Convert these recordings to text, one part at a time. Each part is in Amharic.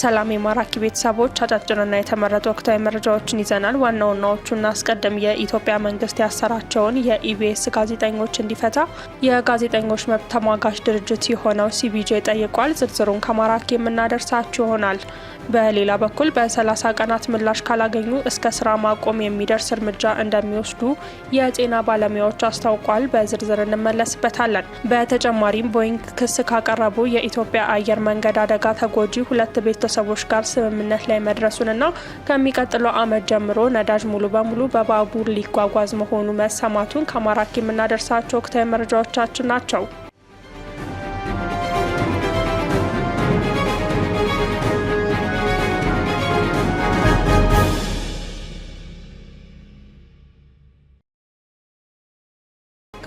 ሰላም የማራኪ ቤተሰቦች፣ አጫጭርና የተመረጡ ወቅታዊ መረጃዎችን ይዘናል። ዋና ዋናዎቹን እናስቀድም። የኢትዮጵያ መንግስት ያሰራቸውን የኢቢኤስ ጋዜጠኞች እንዲፈታ የጋዜጠኞች መብት ተሟጋች ድርጅት የሆነው ሲቢጄ ጠይቋል። ዝርዝሩን ከማራኪ የምናደርሳችሁ ይሆናል። በሌላ በኩል በ30 ቀናት ምላሽ ካላገኙ እስከ ስራ ማቆም የሚደርስ እርምጃ እንደሚወስዱ የጤና ባለሙያዎች አስታውቋል። በዝርዝር እንመለስበታለን። በተጨማሪም ቦይንግ ክስ ካቀረቡ የኢትዮጵያ አየር መንገድ አደጋ ተጎጂ ሁለት ቤተሰቦች ጋር ስምምነት ላይ መድረሱንና ከሚቀጥለው ዓመት ጀምሮ ነዳጅ ሙሉ በሙሉ በባቡር ሊጓጓዝ መሆኑ መሰማቱን ከማራኪ የምናደርሳቸው ወቅታዊ መረጃዎቻችን ናቸው።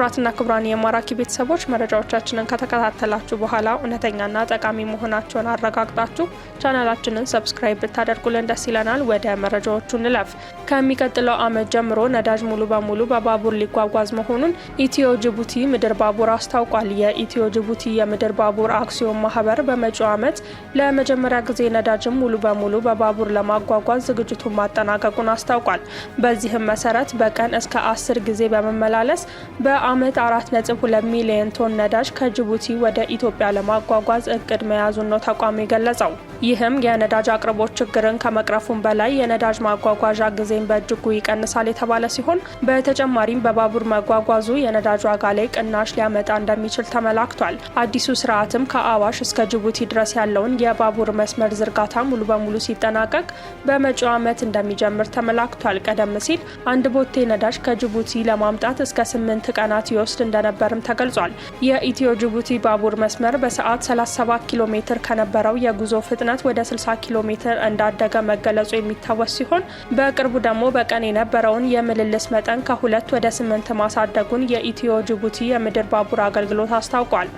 ክብራትና ክብራን የማራኪ ቤተሰቦች መረጃዎቻችንን ከተከታተላችሁ በኋላ እውነተኛና ጠቃሚ መሆናቸውን አረጋግጣችሁ ቻናላችንን ሰብስክራይብ ብታደርጉልን ደስ ይለናል። ወደ መረጃዎቹ እንለፍ። ከሚቀጥለው ዓመት ጀምሮ ነዳጅ ሙሉ በሙሉ በባቡር ሊጓጓዝ መሆኑን ኢትዮ ጅቡቲ ምድር ባቡር አስታውቋል። የኢትዮ ጅቡቲ የምድር ባቡር አክሲዮን ማህበር በመጪው ዓመት ለመጀመሪያ ጊዜ ነዳጅን ሙሉ በሙሉ በባቡር ለማጓጓዝ ዝግጅቱን ማጠናቀቁን አስታውቋል። በዚህም መሰረት በቀን እስከ አስር ጊዜ በመመላለስ በ በዓመት 4.2 ሚሊዮን ቶን ነዳጅ ከጅቡቲ ወደ ኢትዮጵያ ለማጓጓዝ እቅድ መያዙን ነው ተቋሙ የገለጸው። ይህም የነዳጅ አቅርቦት ችግርን ከመቅረፉም በላይ የነዳጅ ማጓጓዣ ጊዜን በእጅጉ ይቀንሳል የተባለ ሲሆን በተጨማሪም በባቡር መጓጓዙ የነዳጅ ዋጋ ላይ ቅናሽ ሊያመጣ እንደሚችል ተመላክቷል። አዲሱ ስርዓትም ከአዋሽ እስከ ጅቡቲ ድረስ ያለውን የባቡር መስመር ዝርጋታ ሙሉ በሙሉ ሲጠናቀቅ በመጪው ዓመት እንደሚጀምር ተመላክቷል። ቀደም ሲል አንድ ቦቴ ነዳጅ ከጅቡቲ ለማምጣት እስከ ስምንት ቀናት ቀናት ይወስድ እንደነበርም ተገልጿል። የኢትዮ ጅቡቲ ባቡር መስመር በሰዓት 37 ኪሎ ሜትር ከነበረው የጉዞ ፍጥነት ወደ 60 ኪሎ ሜትር እንዳደገ መገለጹ የሚታወስ ሲሆን በቅርቡ ደግሞ በቀን የነበረውን የምልልስ መጠን ከሁለት ወደ ስምንት ማሳደጉን የኢትዮ ጅቡቲ የምድር ባቡር አገልግሎት አስታውቋል።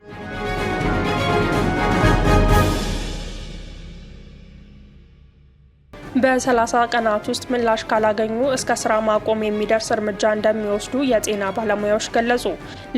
በ30 ቀናት ውስጥ ምላሽ ካላገኙ እስከ ስራ ማቆም የሚደርስ እርምጃ እንደሚወስዱ የጤና ባለሙያዎች ገለጹ።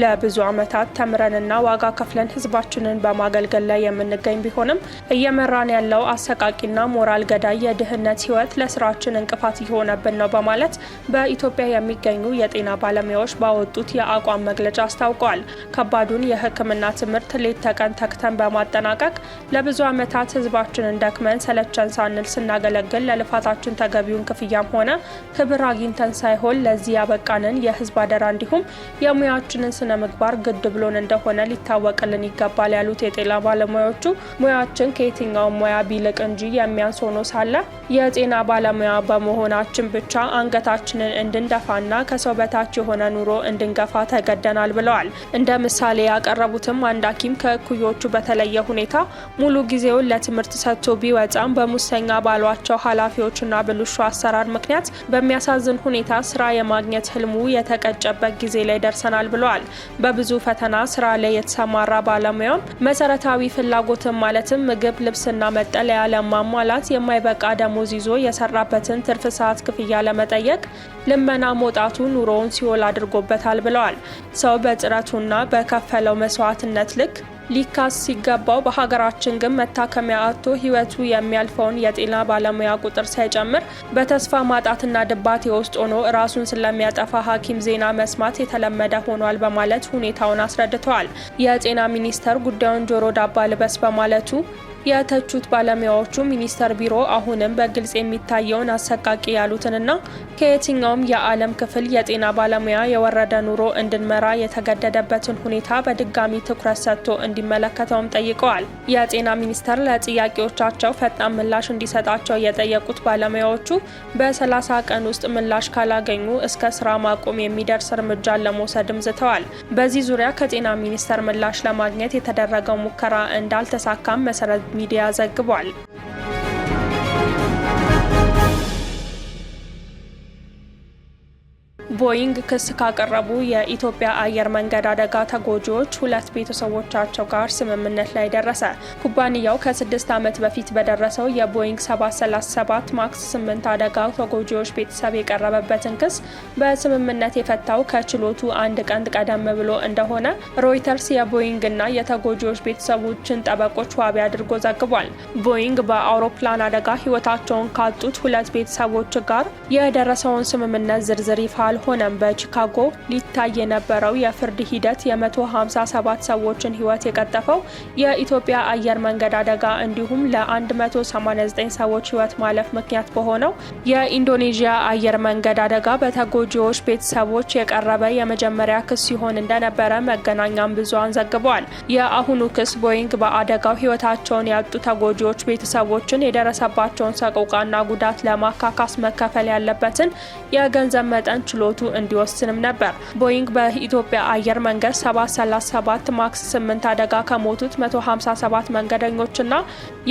ለብዙ ዓመታት ተምረንና ዋጋ ከፍለን ህዝባችንን በማገልገል ላይ የምንገኝ ቢሆንም እየመራን ያለው አሰቃቂና ሞራል ገዳይ የድህነት ህይወት ለስራችን እንቅፋት እየሆነብን ነው በማለት በኢትዮጵያ የሚገኙ የጤና ባለሙያዎች ባወጡት የአቋም መግለጫ አስታውቀዋል። ከባዱን የህክምና ትምህርት ሌት ተቀን ተክተን በማጠናቀቅ ለብዙ ዓመታት ህዝባችንን ደክመን ሰለቸን ሳንል ስናገለግል የልፋታችን ተገቢውን ክፍያም ሆነ ክብር አግኝተን ሳይሆን ለዚህ ያበቃንን የህዝብ አደራ እንዲሁም የሙያችንን ስነ ምግባር ግድ ብሎን እንደሆነ ሊታወቅልን ይገባል ያሉት የጤና ባለሙያዎቹ ሙያችን ከየትኛውም ሙያ ቢልቅ እንጂ የሚያንስ ሆኖ ሳለ የጤና ባለሙያ በመሆናችን ብቻ አንገታችንን እንድንደፋና ከሰው በታች የሆነ ኑሮ እንድንገፋ ተገደናል ብለዋል። እንደ ምሳሌ ያቀረቡትም አንድ ሐኪም ከእኩዮቹ በተለየ ሁኔታ ሙሉ ጊዜውን ለትምህርት ሰጥቶ ቢወጣም በሙሰኛ ባሏቸው ኃላፊ ኃላፊዎችና ብልሹ አሰራር ምክንያት በሚያሳዝን ሁኔታ ስራ የማግኘት ህልሙ የተቀጨበት ጊዜ ላይ ደርሰናል ብለዋል። በብዙ ፈተና ስራ ላይ የተሰማራ ባለሙያም መሰረታዊ ፍላጎትን ማለትም ምግብ፣ ልብስና መጠለያ ለማሟላት የማይበቃ ደሞዝ ይዞ የሰራበትን ትርፍ ሰዓት ክፍያ ለመጠየቅ ልመና መውጣቱ ኑሮውን ሲኦል አድርጎበታል ብለዋል። ሰው በጥረቱና በከፈለው መስዋዕትነት ልክ ሊካስ ሲገባው በሀገራችን ግን መታከሚያ አቶ ሕይወቱ የሚያልፈውን የጤና ባለሙያ ቁጥር ሳይጨምር በተስፋ ማጣትና ድባቴ ውስጥ ሆኖ ራሱን ስለሚያጠፋ ሐኪም ዜና መስማት የተለመደ ሆኗል በማለት ሁኔታውን አስረድተዋል። የጤና ሚኒስቴር ጉዳዩን ጆሮ ዳባ ልበስ በማለቱ የተቹት ባለሙያዎቹ ሚኒስቴር ቢሮ አሁንም በግልጽ የሚታየውን አሰቃቂ ያሉትንና ከየትኛውም የዓለም ክፍል የጤና ባለሙያ የወረደ ኑሮ እንድንመራ የተገደደበትን ሁኔታ በድጋሚ ትኩረት ሰጥቶ እንዲመለከተውም ጠይቀዋል። የጤና ሚኒስቴር ለጥያቄዎቻቸው ፈጣን ምላሽ እንዲሰጣቸው የጠየቁት ባለሙያዎቹ በ30 ቀን ውስጥ ምላሽ ካላገኙ እስከ ስራ ማቆም የሚደርስ እርምጃን ለመውሰድም ዝተዋል። በዚህ ዙሪያ ከጤና ሚኒስቴር ምላሽ ለማግኘት የተደረገው ሙከራ እንዳልተሳካም መሰረት ሚዲያ ዘግቧል። ቦይንግ ክስ ካቀረቡ የኢትዮጵያ አየር መንገድ አደጋ ተጎጂዎች ሁለት ቤተሰቦቻቸው ጋር ስምምነት ላይ ደረሰ። ኩባንያው ከስድስት ዓመት በፊት በደረሰው የቦይንግ 737 ማክስ 8 አደጋ ተጎጂዎች ቤተሰብ የቀረበበትን ክስ በስምምነት የፈታው ከችሎቱ አንድ ቀን ቀደም ብሎ እንደሆነ ሮይተርስ የቦይንግና የተጎጂዎች ቤተሰቦችን ጠበቆች ዋቢ አድርጎ ዘግቧል። ቦይንግ በአውሮፕላን አደጋ ሕይወታቸውን ካጡት ሁለት ቤተሰቦች ጋር የደረሰውን ስምምነት ዝርዝር ይፋ አልሆነ ሆኖም በቺካጎ ሊታይ የነበረው የፍርድ ሂደት የ157 ሰዎችን ህይወት የቀጠፈው የኢትዮጵያ አየር መንገድ አደጋ እንዲሁም ለ189 ሰዎች ህይወት ማለፍ ምክንያት በሆነው የኢንዶኔዥያ አየር መንገድ አደጋ በተጎጂዎች ቤተሰቦች የቀረበ የመጀመሪያ ክስ ሲሆን እንደነበረ መገናኛም ብዙሃን ዘግበዋል። የአሁኑ ክስ ቦይንግ በአደጋው ህይወታቸውን ያጡ ተጎጂዎች ቤተሰቦችን የደረሰባቸውን ሰቆቃና ጉዳት ለማካካስ መከፈል ያለበትን የገንዘብ መጠን ችሎቱ እንዲወስንም ነበር። ቦይንግ በኢትዮጵያ አየር መንገድ 737 ማክስ 8 አደጋ ከሞቱት 157 መንገደኞችና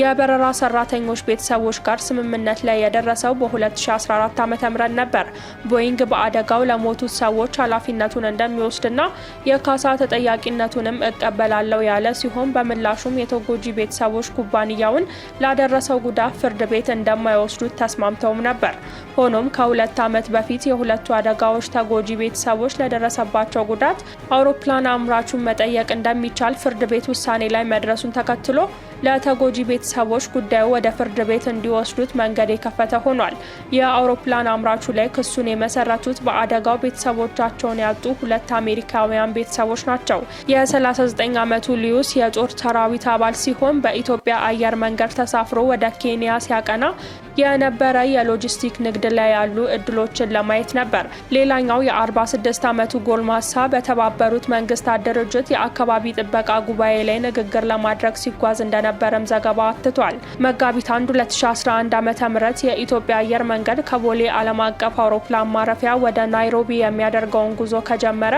የበረራ ሰራተኞች ቤተሰቦች ጋር ስምምነት ላይ የደረሰው በ2014 ዓ ም ነበር። ቦይንግ በአደጋው ለሞቱት ሰዎች ኃላፊነቱን እንደሚወስድና የካሳ ተጠያቂነቱንም እቀበላለው ያለ ሲሆን በምላሹም የተጎጂ ቤተሰቦች ኩባንያውን ላደረሰው ጉዳት ፍርድ ቤት እንደማይወስዱት ተስማምተውም ነበር። ሆኖም ከሁለት ዓመት በፊት የሁለቱ አደጋዎች ሰዎች ተጎጂ ቤተሰቦች ለደረሰባቸው ጉዳት አውሮፕላን አምራቹን መጠየቅ እንደሚቻል ፍርድ ቤት ውሳኔ ላይ መድረሱን ተከትሎ ለተጎጂ ቤተሰቦች ጉዳዩ ወደ ፍርድ ቤት እንዲወስዱት መንገድ የከፈተ ሆኗል። የአውሮፕላን አምራቹ ላይ ክሱን የመሰረቱት በአደጋው ቤተሰቦቻቸውን ያጡ ሁለት አሜሪካውያን ቤተሰቦች ናቸው። የ39 ዓመቱ ሊዩስ የጦር ሰራዊት አባል ሲሆን በኢትዮጵያ አየር መንገድ ተሳፍሮ ወደ ኬንያ ሲያቀና የነበረ የሎጂስቲክ ንግድ ላይ ያሉ እድሎችን ለማየት ነበር። ሌላኛው የ46 ዓመቱ ጎልማሳ በተባበሩት መንግስታት ድርጅት የአካባቢ ጥበቃ ጉባኤ ላይ ንግግር ለማድረግ ሲጓዝ እንደነበረም ዘገባ አትቷል። መጋቢት 1 2011 ዓ ም የኢትዮጵያ አየር መንገድ ከቦሌ ዓለም አቀፍ አውሮፕላን ማረፊያ ወደ ናይሮቢ የሚያደርገውን ጉዞ ከጀመረ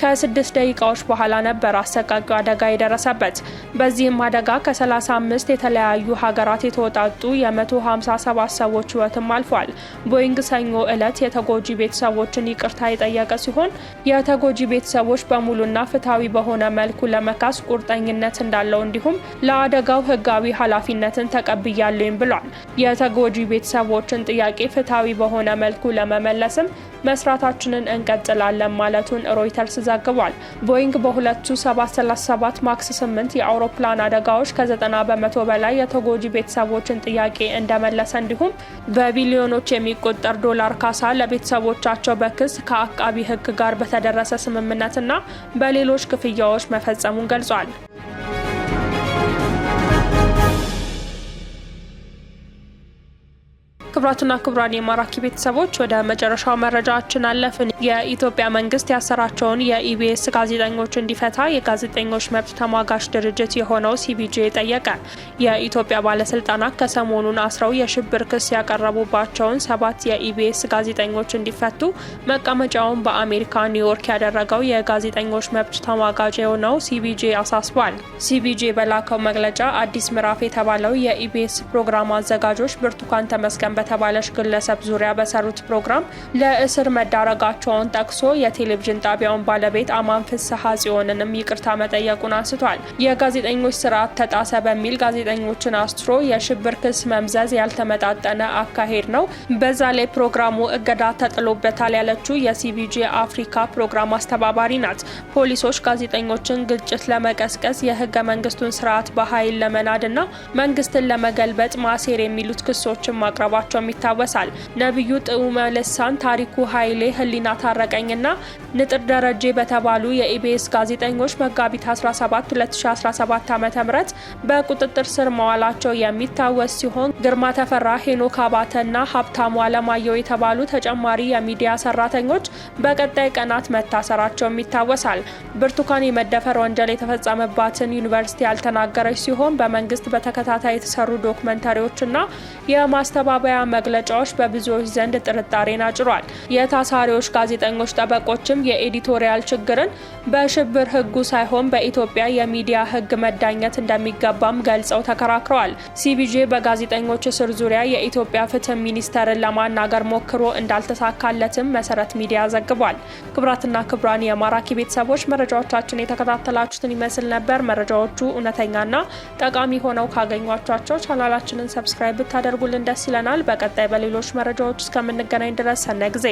ከስድስት ደቂቃዎች በኋላ ነበር አሰቃቂ አደጋ የደረሰበት። በዚህም አደጋ ከ35 የተለያዩ ሀገራት የተወጣጡ የ157 ሰዎች ህይወትም አልፏል። ቦይንግ ሰኞ እለት የተጎጂ ቤተሰቦችን ይቅርታ የጠየቀ ሲሆን የተጎጂ ቤተሰቦች በሙሉና ፍትሐዊ በሆነ መልኩ ለመካስ ቁርጠኝነት እንዳለው እንዲሁም ለአደጋው ህጋዊ ኃላፊነትን ተቀብያለኝ ብሏል። የተጎጂ ቤተሰቦችን ጥያቄ ፍትሐዊ በሆነ መልኩ ለመመለስም መስራታችንን እንቀጥላለን ማለቱን ሮይተርስ ዘግቧል። ቦይንግ በሁለቱ 737 ማክስ 8 የአውሮፕላን አደጋዎች ከ90 በመቶ በላይ የተጎጂ ቤተሰቦችን ጥያቄ እንደመለሰ እንዲሁም በቢሊዮኖች የሚቆጠር ዶላር ካሳ ለቤተሰቦቻቸው በክስ ከአቃቢ ሕግ ጋር በተደረሰ ስምምነትና በሌሎች ክፍያዎች መፈጸሙን ገልጿል። ክቡራትና ክብራን የማራኪ ቤተሰቦች ወደ መጨረሻው መረጃችን አለፍን። የኢትዮጵያ መንግስት ያሰራቸውን የኢቢኤስ ጋዜጠኞች እንዲፈታ የጋዜጠኞች መብት ተሟጋች ድርጅት የሆነው ሲፒጄ ጠየቀ። የኢትዮጵያ ባለስልጣናት ከሰሞኑን አስረው የሽብር ክስ ያቀረቡባቸውን ሰባት የኢቢኤስ ጋዜጠኞች እንዲፈቱ መቀመጫውን በአሜሪካ ኒውዮርክ ያደረገው የጋዜጠኞች መብት ተሟጋጅ የሆነው ሲፒጄ አሳስቧል። ሲፒጄ በላከው መግለጫ አዲስ ምዕራፍ የተባለው የኢቢኤስ ፕሮግራም አዘጋጆች ብርቱካን ተመስገን በተ በተባለች ግለሰብ ዙሪያ በሰሩት ፕሮግራም ለእስር መዳረጋቸውን ጠቅሶ የቴሌቪዥን ጣቢያውን ባለቤት አማን ፍስሐ ጽዮንንም ይቅርታ መጠየቁን አንስቷል። የጋዜጠኞች ስርዓት ተጣሰ በሚል ጋዜጠኞችን አስትሮ የሽብር ክስ መምዘዝ ያልተመጣጠነ አካሄድ ነው። በዛ ላይ ፕሮግራሙ እገዳ ተጥሎበታል ያለችው የሲቢጂ አፍሪካ ፕሮግራም አስተባባሪ ናት። ፖሊሶች ጋዜጠኞችን ግጭት ለመቀስቀስ የህገ መንግስቱን ስርዓት በኃይል ለመናድና መንግስትን ለመገልበጥ ማሴር የሚሉት ክሶችን ማቅረባቸው መሆናቸውም ይታወሳል። ነቢዩ ጥዑመ ልሳን፣ ታሪኩ ኃይሌ፣ ህሊና ታረቀኝና ንጥር ደረጀ በተባሉ የኢቢኤስ ጋዜጠኞች መጋቢት 17 2017 ዓ ም በቁጥጥር ስር መዋላቸው የሚታወስ ሲሆን ግርማ ተፈራ፣ ሄኖክ አባተና ሀብታሙ አለማየሁ የተባሉ ተጨማሪ የሚዲያ ሰራተኞች በቀጣይ ቀናት መታሰራቸውም ይታወሳል። ብርቱካን የመደፈር ወንጀል የተፈጸመባትን ዩኒቨርሲቲ ያልተናገረች ሲሆን በመንግስት በተከታታይ የተሰሩ ዶክመንተሪዎችና የማስተባበያ መግለጫዎች በብዙዎች ዘንድ ጥርጣሬን አጭሯል። የታሳሪዎች ጋዜጠኞች ጠበቆችም የኤዲቶሪያል ችግርን በሽብር ህጉ ሳይሆን በኢትዮጵያ የሚዲያ ሕግ መዳኘት እንደሚገባም ገልጸው ተከራክረዋል። ሲቢጄ በጋዜጠኞች እስር ዙሪያ የኢትዮጵያ ፍትህ ሚኒስተርን ለማናገር ሞክሮ እንዳልተሳካለትም መሰረት ሚዲያ ዘግቧል። ክብራትና ክብራን የማራኪ ቤተሰቦች መረጃዎቻችን የተከታተላችሁትን ይመስል ነበር። መረጃዎቹ እውነተኛና ጠቃሚ ሆነው ካገኟቸው ቻናላችንን ሰብስክራይብ ብታደርጉልን ደስ ይለናል። በቀጣይ በሌሎች መረጃዎች እስከምንገናኝ ድረስ ሰናይ ጊዜ